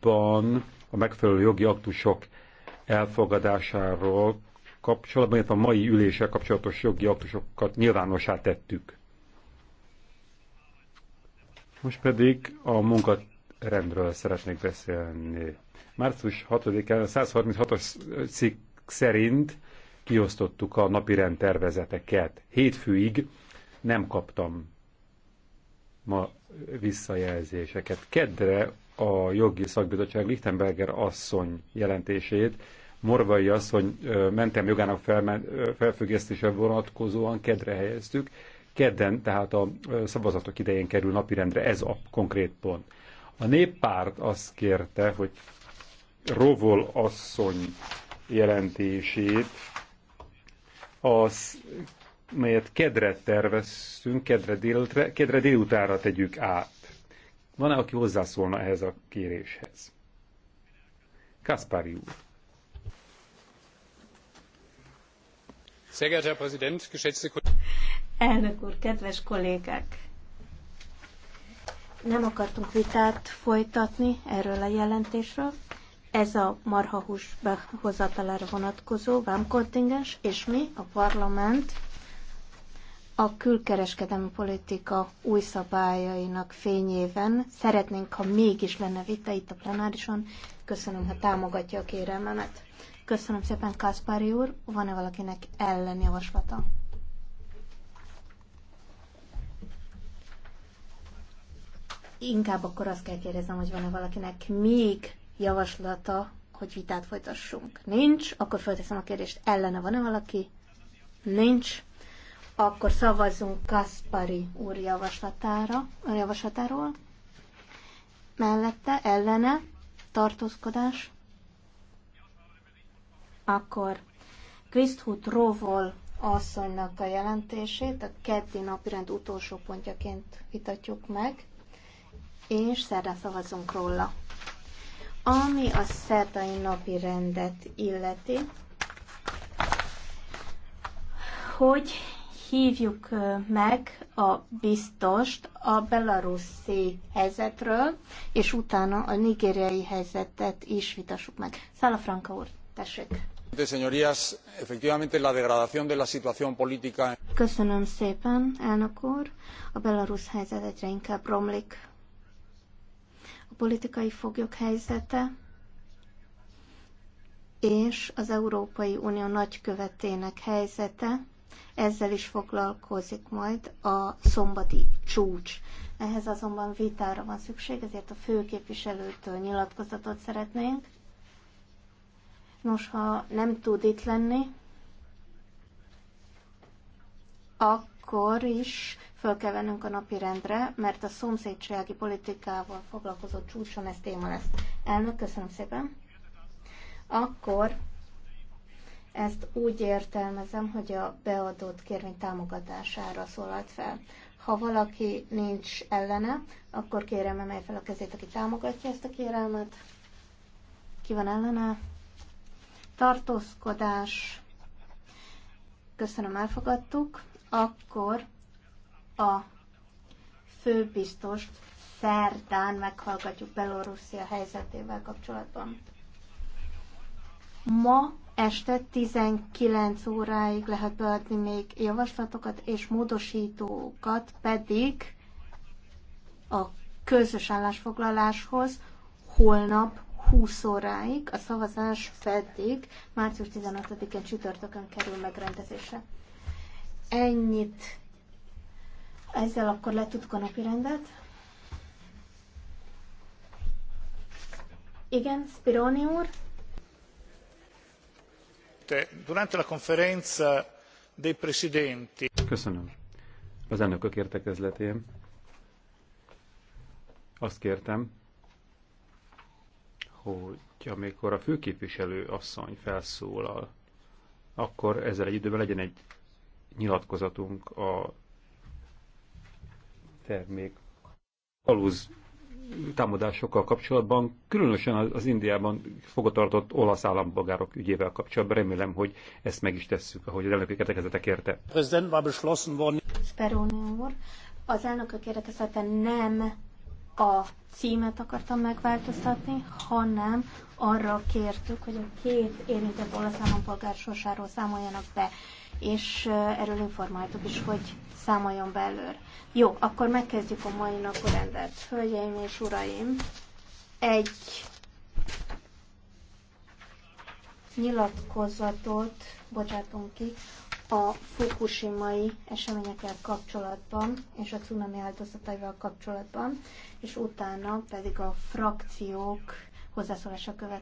kapcsolatban a megfelelő jogi aktusok elfogadásáról kapcsolatban, illetve a mai üléssel kapcsolatos jogi aktusokat nyilvánossá tettük. Most pedig a munkarendről szeretnék beszélni. Március 6-án a 136-os cikk szerint kiosztottuk a napirend tervezeteket. Hétfőig nem kaptam ma visszajelzéseket. Kedre a jogi szakbizottság Lichtenberger asszony jelentését, Morvai asszony mentem jogának felfüggesztése vonatkozóan kedre helyeztük. Kedden, tehát a szavazatok idején kerül napirendre ez a konkrét pont. A néppárt azt kérte, hogy Rovol asszony jelentését az melyet kedre tervezünk, kedre, délre, kedre délutára tegyük át. Van-e, aki hozzászólna ehhez a kéréshez? Kaspari úr. Elnök úr, kedves kollégák! Nem akartunk vitát folytatni erről a jelentésről. Ez a marhahús behozatalára vonatkozó vámkontingens, és mi, a parlament, a külkereskedelmi politika új szabályainak fényében szeretnénk, ha mégis lenne vita itt a plenárison. Köszönöm, ha támogatja a kérelmemet. Köszönöm szépen, Kaspari úr. Van-e valakinek ellenjavaslata? Inkább akkor azt kell kérdeznem, hogy van-e valakinek még javaslata, hogy vitát folytassunk. Nincs, akkor felteszem a kérdést, ellene van-e valaki? Nincs akkor szavazunk Kaspari úr javaslatára, a javaslatáról. Mellette, ellene, tartózkodás. Akkor Kriszthut Róvol asszonynak a jelentését, a keddi napirend utolsó pontjaként vitatjuk meg, és szerdán szavazunk róla. Ami a szerdai napi rendet illeti, hogy hívjuk meg a biztost a belaruszi helyzetről, és utána a nigériai helyzetet is vitassuk meg. Szála Franka úr, tessék! Señorías, efectivamente la degradación de la situación política... Köszönöm szépen, elnök úr. A belarusz helyzet egyre inkább romlik. A politikai foglyok helyzete és az Európai Unió nagykövetének helyzete ezzel is foglalkozik majd a szombati csúcs. Ehhez azonban vitára van szükség, ezért a főképviselőtől nyilatkozatot szeretnénk. Nos, ha nem tud itt lenni, akkor is föl kell vennünk a napi rendre, mert a szomszédsági politikával foglalkozó csúcson ez téma lesz. Elnök, köszönöm szépen. Akkor ezt úgy értelmezem, hogy a beadott kérvény támogatására szólalt fel. Ha valaki nincs ellene, akkor kérem emelj fel a kezét, aki támogatja ezt a kérelmet. Ki van ellene? Tartózkodás. Köszönöm, elfogadtuk. Akkor a főbiztost szerdán meghallgatjuk Belorusszia helyzetével kapcsolatban. Ma este 19 óráig lehet beadni még javaslatokat, és módosítókat pedig a közös állásfoglaláshoz holnap 20 óráig, a szavazás pedig március 15-én csütörtökön kerül megrendezésre. Ennyit. Ezzel akkor letudtuk a napi rendet. Igen, Spironi úr. Presidente. Durante la conferenza dei presidenti... Köszönöm. Az elnökök értekezletén azt kértem, hogy amikor a főképviselő asszony felszólal, akkor ezzel egy időben legyen egy nyilatkozatunk a termék aluz támadásokkal kapcsolatban, különösen az Indiában fogatartott olasz állampolgárok ügyével kapcsolatban. Remélem, hogy ezt meg is tesszük, ahogy az elnökök értekezetek érte. Speroni úr, az elnökök értekezete nem a címet akartam megváltoztatni, hanem arra kértük, hogy a két érintett olasz állampolgár sorsáról számoljanak be és erről informáltuk is, hogy számoljon belőle. Jó, akkor megkezdjük a mai naporendet. Hölgyeim és uraim, egy nyilatkozatot bocsátunk ki a fukushimai eseményekkel kapcsolatban és a cunami áldozataival kapcsolatban, és utána pedig a frakciók hozzászólása követ.